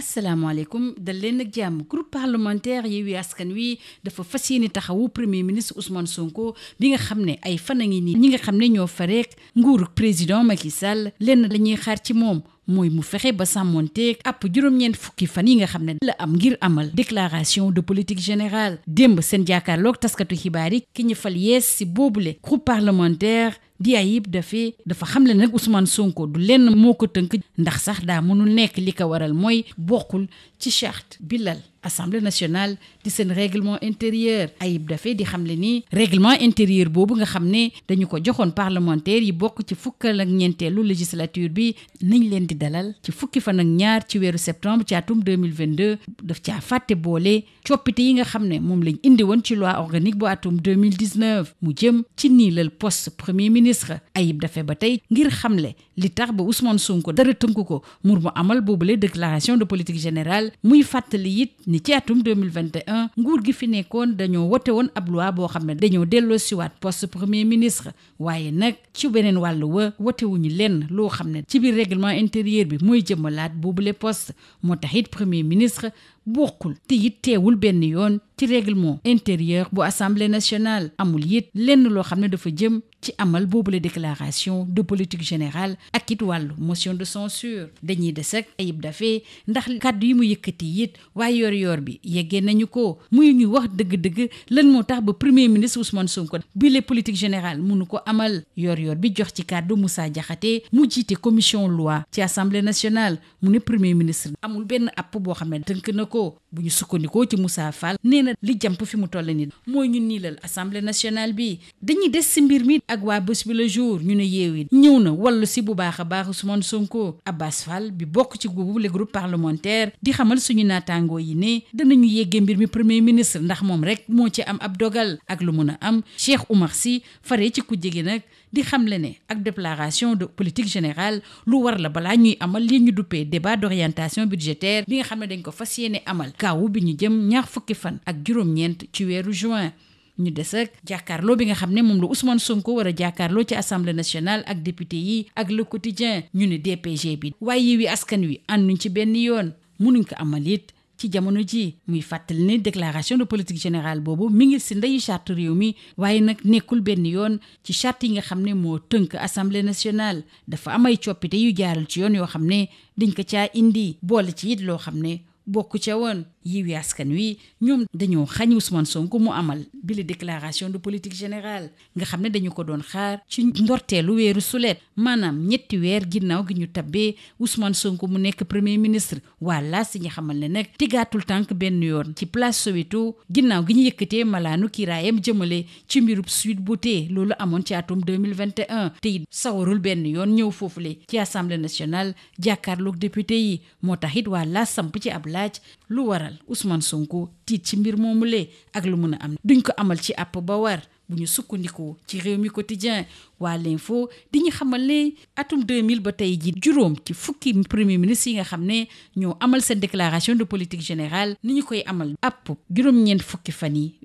asalaamaaleykum dal leen ak jàmm groupe parlementaire Yewwi Askan Wi dafa fas yéene taxawu premier ministre Ousmane Sonko bi nga xam ne ay fan a ngi ñi nga xam ne ñoo fa rek nguuru président Macky Sall lenn la ñuy xaar ci moom mooy mu fexe ba sàmmonteeg ab juróom-ñeent fukki fan yi nga xam ne la am ngir amal déclaration de politique générale démb seen jàkkaarloog taskatu xibaar yi ki ñu fal yees si boobule groupe parlementaire di Ayib Daffé dafa xam xamle nag Ousmane Sonko du lenn moo ko tënk ndax sax daa mënul nekk li ko waral mooy bokkul ci charte bi assemblée nationale di seen réglement intérieur ayib dafee di xamle ni règlement intérieur boobu nga xam ne dañu ko joxoon parlementaire yi bokk ci fukk ak ñeenteelu législature bi nañ leen di dalal ci fukki fan ak ñaar ci weeru septembre ci atum 2022 daf caa fàtte boole coppite yi nga xam ne moom lañ indi woon ci loi organique bu atum 2019 mu jëm ci niilal poste premier ministre Ayib Daffé ba tey ngir xamle li tax ba Ousmane Sonko dara tënku ko mur mu amal boobu boobule déclaration de politique générale muy fàttali it ni ci atum 2021 nguur gi fi nekkoon dañoo wote woon ab loi boo xam ne dañoo delloo siwaat poste premier ministre waaye nag ci beneen wàll wa wotewuñu lenn loo xam ne ci biir réglement intérieur bi mooy jëmmalaat boobule poste moo tax it premier ministre bokkul te it teewul benn yoon ci réglement intérieur bu assemblée nationale amul it lenn loo xam ne dafa jëm ci amal boobu boobule déclaration de politique générale ak it wàllu motion de censure dañuy des ak Ayib Daffé ndax kàddu yi mu yëkkati it waaye yor-yor bi yeggee nañu ko muy ñuy wax dëgg-dëgg lan moo tax ba premier ministre Ousmane Sonko bi le politique générale mënu ko amal yor-yor bi jox ci kàddu Moussa Diakhaté mu jiite commission loi ci assemblée nationale mu ne premier ministre amul benn app boo xam ne na ko bu ñu sukkandikoo ci Moussa na li jàmp fi mu toll nii mooy ñu niilal assemblée nationale bi dañuy des si mbir mi ak waa bés bi le jour ñu ne yeewi ñëw na wallu si bu baax a baax Ousmane Sonko Abbas Fall bi bokk ci boobu le groupe parlementaire di xamal suñu naataangoo yi ne danañu yeggee mbir mi premier ministre ndax moom rek moo ci am ab dogal ak lu mun a am Cheikh Oumar Sy fare ci ku jege nag di xamle ne ak déclaration de politique générale lu war la balaa ñuy amal ñu duppee ak juróom-ñeent ci weeru juin ñu des ak jàkkaarloo bi nga xam ne moom la Ousmane Sonko war a jàkkaarloo ci assemblée national ak député yi ak le quotidien ñu ne DPG bi waaye wi askan wi ànduñ ci benn yoon mënuñ ko amal it ci jamono ji muy fàttali ne déclaration de politique générale boobu mu ngi si ndeyu charte réew mi waaye nag nekkul benn yoon ci charte yi nga xam ne moo tënk assemblée national dafa am ay coppite yu jaaral ci yoon yoo xam ne dañ ko caa indi boole ci it loo xam ne bokku ca woon Yewwi da Wi ñoom dañoo xañ Ousmane Sonko mu amal bi la déclaration de politique générale nga xam ne dañu ko doon xaar ci ndorteelu weeru suleet maanaam ñetti weer ginnaaw gi ñu tabbee Ousmane Sonko mu nekk premier ministre waa laas yi nga xamal ne nag tigaatul tànk benn yoon ci place Soweto ginnaaw gi ñu yëkkatee malaanu kiiraayam jëmale ci mbirub Sweet Beauté loolu amoon ci atum 2021 te it sawarul benn yoon ñëw foofule ci assemblée nationale jàkkaarloog député yi moo tax it waa ci ab Ousmane Sonko tiit ci mbir lee ak lu mën a am duñ ko amal ci app ba war bu ñu sukkandikoo ci réew mi quotidien waa foo di ñu xamal ne atum mille ba tey ji juróom ci fukki premier ministre yi nga xam ne ñoo amal seen déclaration de politique générale ni ñu koy amal app juróom-ñeent fukki fan yi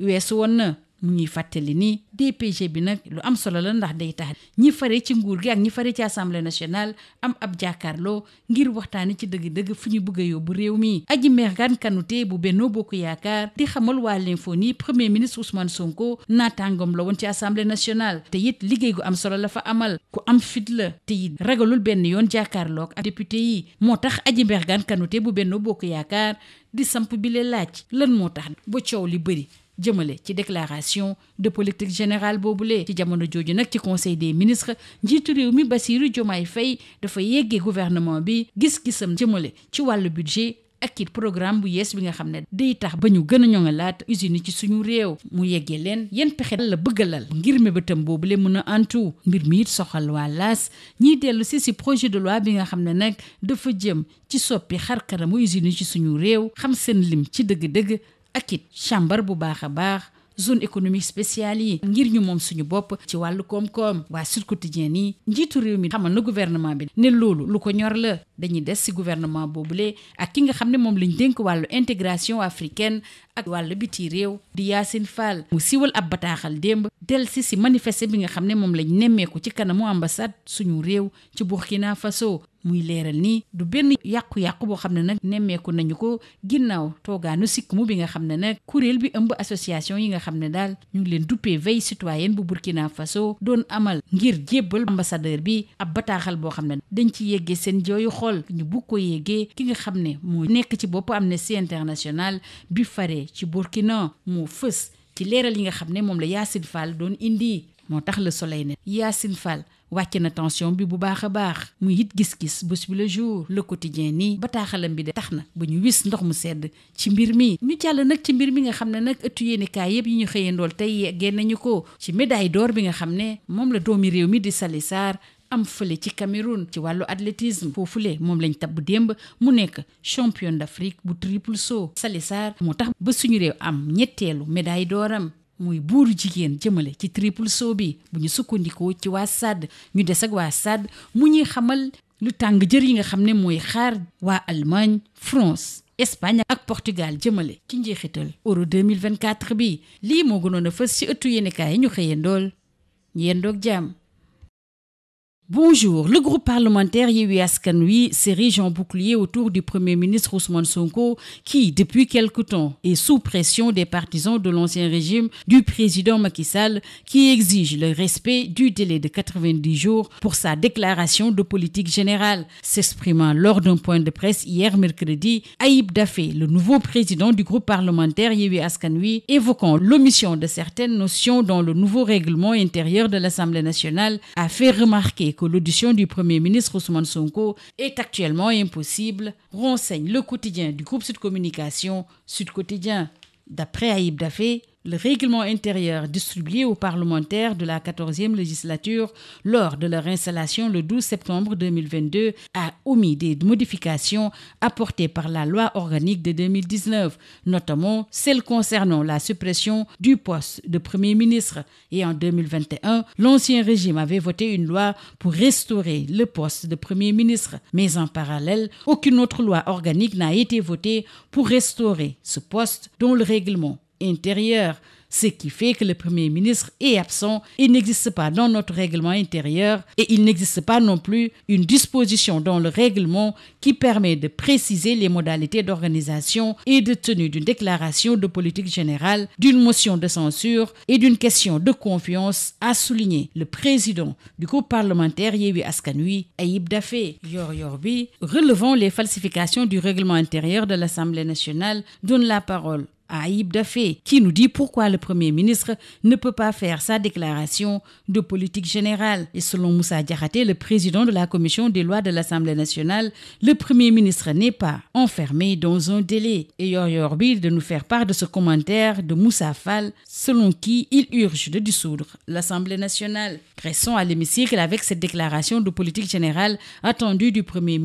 na mu ñuy fàttali nii DPG bi nag lu am solo la ndax day tax ñi fare ci nguur gi ak ñi fare ci assemblée nationale am ab jàkkaarloo ngir waxtaani ci dëgg-dëgg fu ñu bëgg a yóbbu réew mi. Aji Mergane Kanouté bu Benno Bokk Yaakaar di xamal waa l'info ni premier ministre Ousmane Sonko naataangoom la woon ci assemblée nationale it liggéey gu am solo la amal ku am fit la te ragalul benn yoon jàkkaarloo ak moo tax Aji Mergane Kanouté bu Benno Bokk Yaakaar di samp bi le laaj lan moo tax ba coow li bëri. jëmale ci déclaration de politique générale boobule. ci jamono jooju nag ci conseil des ministres njiitu réew mi Bassirou Diomaye fay dafa yeggee gouvernement bi gis-gisam jëmale ci wàllu budget. ak kii programme bu yees bi nga xam ne day tax ba ñu gën a ñoŋalaat usine ci suñu réew mu yeggee leen yan pexe la lal ngir mébétam boobu lee mën a antu mbir mi it soxal waa laas ñiy dellu si si projet de loi bi nga xam ne nag dafa jëm ci soppi xarkanamu usine ci suñu réew xam seen lim ci dëgg ak it càmbar bu baax a baax zone économique spéciale yi ngir ñu moom suñu bopp ci wàllu koom-koom waa Sud Quotidien yi njiitu réew mi xamal na gouvernement bi ne loolu lu ko ñor la dañuy des ci gouvernement boobule ak ki nga xam ne moom lañ dénk wàllu intégration africaine ak wàllu biti réew di Yacine Fall mu siwal ab bataaxal démb del si si manifester bi nga xam ne moom lañ nemmeeku ci kanamu ambassade suñu réew ci Burkina Faso muy leeral nii du benn yàqu-yàqu boo xam ne nag nemmeeku nañu ko ginnaaw toogaanu sikkumu bi nga xam ne nag kuréel bi ëmb association yi nga xam ne daal ñu ngi leen duppee veille citoyenne bu Burkina Faso doon amal ngir jébbal ambassadeur bi ab bataaxal boo xam ne dañ ci yégge seen jooyu xool ñu bugg ko yeggee ki nga xam ne moo nekk ci bopp Amnesty International bi fare ci Burkina moo fës ci leeral yi nga xam ne moom la Yacine Fall doon indi moo tax la Soleil ne Yacine Fall wàcc na tension bi bu baax a baax mu it gis-gis bés bi le jour le quotidien nii bataaxalam bi de tax na ba ñu wis ndox mu sedd ci mbir mi ñu jàll nag ci mbir mi nga xam ne nag ëttu yéenekaay yëpp yi ñu xëyandool tey génn nañu ko ci médaille door bi nga xam ne moom la doomi réew mi di Sali Sarr am fële ci Cameroun ci wàllu athlétisme foofule moom lañ bu démb mu nekk champion d'Afrique bu triple saut Sali Sarr moo tax ba suñu réew am ñetteelu médaille mooy buuru jigéen jëmale ci triple saut bi bu ñu sukkandikoo ci waa SAD ñu des waa SAD mu ñuy xamal lu tàng jër yi nga xam ne mooy xaar waa Allemagne France Espagne ak Portugal jëmale ci njeexital euro 2024 bi lii moo gënoon a fës ci ëttu yéenekaay yi ñu xëyee ndool yéen doog jàmm Bonjour. Le groupe parlementaire Yewi Askanui s'érige en bouclier autour du Premier ministre Ousmane Sonko qui, depuis quelque temps, est sous pression des partisans de l'ancien régime du président Macky Sall du délai pour sa déclaration de politique générale. S'exprimant lors d'un point de presse hier mercredi, Aïb Dafé, le nouveau président du groupe parlementaire Yewi Askanui, évoquant l'omission de certaines notions dans le nouveau règlement intérieur de l'Assemblée nationale, que l'audition du Premier ministre Ousmane Sonko est actuellement impossible, renseigne le quotidien du groupe Sud Communication Sud Quotidien. D'après Aïb le règlement intérieur distribué aux parlementaires de la 14e législature lors de leur installation le 12 septembre 2022 a omis des modifications apportées par la loi organique de 2019, notamment celle concernant la suppression du poste de Premier ministre. Et en 2021, l'ancien régime avait voté une loi pour restaurer le poste de Premier ministre. Mais en parallèle, aucune autre loi organique n'a été votée pour restaurer ce poste dont le règlement intérieur, ce qui fait que le Premier ministre est absent. Il n'existe pas dans notre règlement intérieur et il n'existe pas non plus une disposition dans le règlement qui permet de préciser les modalités d'organisation et de tenue d'une déclaration de politique générale, d'une motion de censure et d'une question de confiance, a souligné le président du groupe parlementaire Yéwi Askanui, Aïb Dafé Yor Yorbi, relevant les falsifications du règlement intérieur à Aïb Dafé, qui nous dit pourquoi le Premier ministre ne peut pas faire sa déclaration de politique générale. Et selon Moussa Diakhaté, le président de la commission des lois de l'Assemblée nationale, le Premier ministre n'est pas enfermé dans un délai. Et Yor Yorbi de nous faire part de ce commentaire de Moussa Fall, selon qui il urge de dissoudre l'Assemblée nationale. Restons à l'hémicycle avec cette déclaration de politique générale attendue du Premier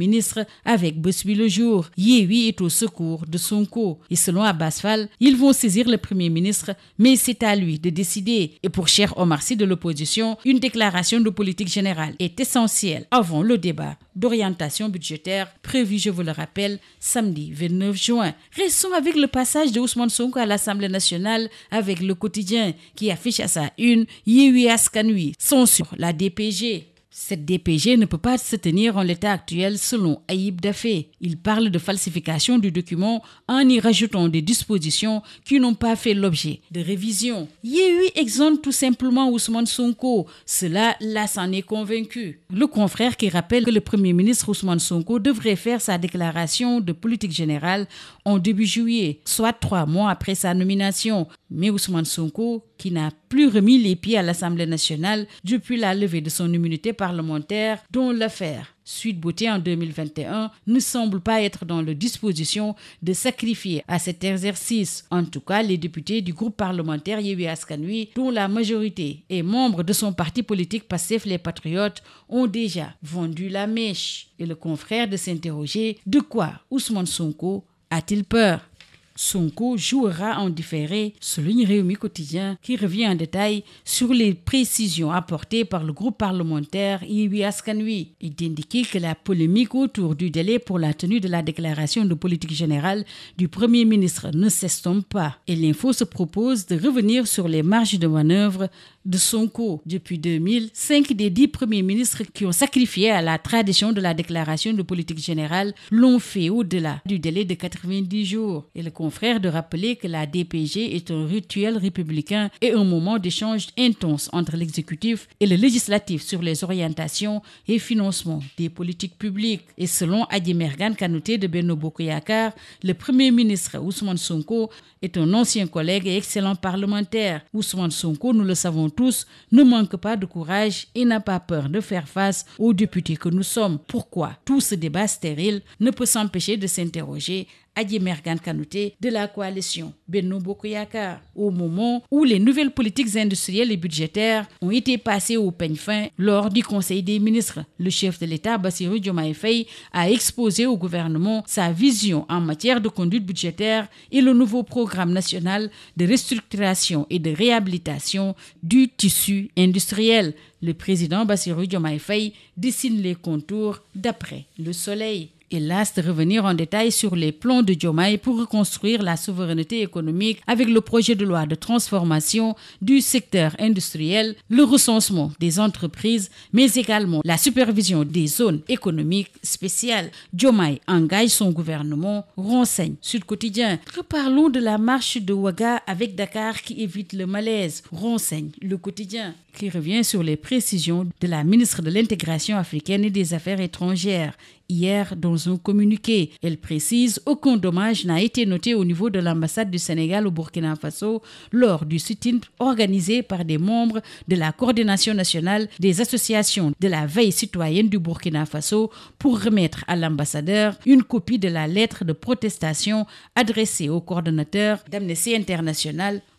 Ils vont saisir le Premier ministre, mais c'est à lui de décider. Et pour Cher Omar Sy de l'opposition, une déclaration de politique générale est essentielle avant le débat d'orientation budgétaire prévu, je vous le rappelle, samedi 29 juin. Restons avec le passage de Ousmane Sonko à l'Assemblée nationale avec le quotidien qui affiche à sa une Yewi censure la DPG. Cette DPG ne peut pas se tenir en l'état actuel selon Aïb Dafé. Il parle de falsification du document en y rajoutant des dispositions qui n'ont pas fait l'objet de révision. Yehui exonte tout simplement Ousmane Sonko. Cela, là, s'en est convaincu. Le confrère qui rappelle que le Premier ministre Ousmane Sonko devrait faire sa déclaration de politique générale en début juillet, soit trois mois après sa nomination. Mais Ousmane Sonko, qui n'a plus remis les pieds à l'Assemblée nationale depuis la levée de son immunité parlementaire, dont l'affaire Suite Beauté en 2021, ne semble pas être dans la disposition de sacrifier à cet exercice. En tout cas, les députés du groupe parlementaire Yewi Askanui, dont la majorité et membre de son parti politique passif Les Patriotes, ont déjà vendu la mèche. Et le confrère de s'interroger de quoi Ousmane Sonko a-t-il peur Sonko jouera en différé, souligne Réumi Quotidien, qui revient en détail sur les précisions apportées par le groupe parlementaire Iwi Askanui. Il indiquait que la polémique autour du délai pour la tenue de la déclaration de politique générale du Premier ministre ne s'estompe pas. Et l'info se propose de revenir sur les marges de manœuvre de Sonko depuis 2000, cinq des dix premiers ministres qui ont sacrifié à la tradition de la déclaration de politique générale l'ont fait au-delà du délai de 90 jours. Et le confrère de rappeler que la DPG est un rituel républicain et un moment d'échange intense entre l'exécutif et le législatif sur les orientations et financement des politiques publiques. Et selon Adi Mergan Kanouté de Beno Bokoyakar, le premier ministre Ousmane Sonko est un ancien collègue et excellent parlementaire. Ousmane Sonko, nous le savons tous ne manque pas de courage et n'a pas peur de faire face aux députés que nous sommes. Pourquoi tout ce débat stérile ne peut s'empêcher de s'interroger Adji Mergan Kanouté de la coalition Benno Bokoyaka, au moment où les nouvelles politiques industrielles et budgétaires ont été passées au peigne fin lors du Conseil des ministres. Le chef de l'État, Bassirou Diomaye Faye, a exposé au gouvernement sa vision en matière de conduite budgétaire et le nouveau programme national de restructuration et de réhabilitation du tissu industriel. Le président Bassirou Diomaye Faye dessine les contours d'après le soleil. Il lasse de revenir en détail sur les plans de Diomaye pour reconstruire la souveraineté économique avec le projet de loi de transformation du secteur industriel, le recensement des entreprises, mais également la supervision des zones économiques spéciales. Diomaye engage son gouvernement, renseigne Sud Quotidien. Reparlons de la marche de Ouaga avec Dakar qui évite le malaise, renseigne le quotidien. qui revient sur les précisions de la ministre de l'Intégration africaine et des Affaires étrangères. Hier, dans un communiqué, elle précise aucun dommage n'a été noté au niveau de l'ambassade du Sénégal au Burkina Faso lors du sit organisé par des membres de la coordination nationale des associations de la veille citoyenne du Burkina Faso pour remettre à l'ambassadeur une copie de la lettre de protestation adressée au coordonnateur d'Amnesty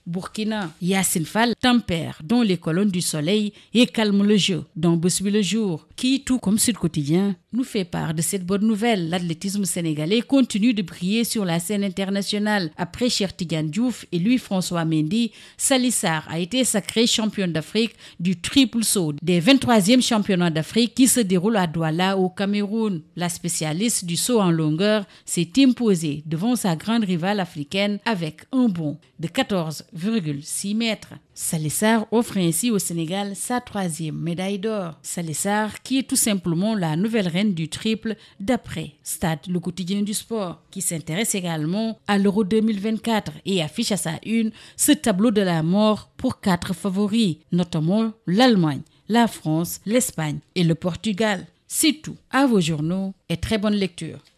Burkina, Yassine Fall tempère dans les colonnes du soleil et calme le jeu dans Bosby le jour, qui, tout comme Sud Quotidien, nous fait part de cette bonne nouvelle. L'athlétisme sénégalais continue de briller sur la scène internationale. Après Chertigan Diouf et lui François Mendy, Salissar a été sacré champion d'Afrique du triple saut des 23e championnats d'Afrique qui se déroulent à Douala au Cameroun. La spécialiste du saut en longueur s'est imposée devant sa grande rivale africaine avec un bond de 14,6 mètres. Salissar offre ainsi au Sénégal sa troisième médaille d'or. Salissar qui est tout simplement la nouvelle reine du triple d'après Stade le quotidien du sport, qui s'intéresse également à l'Euro et affiche à sa une ce tableau de la mort pour quatre favoris, notamment l'Allemagne, la France, l'Espagne et le Portugal. C'est tout. À vos journaux et très bonne lecture.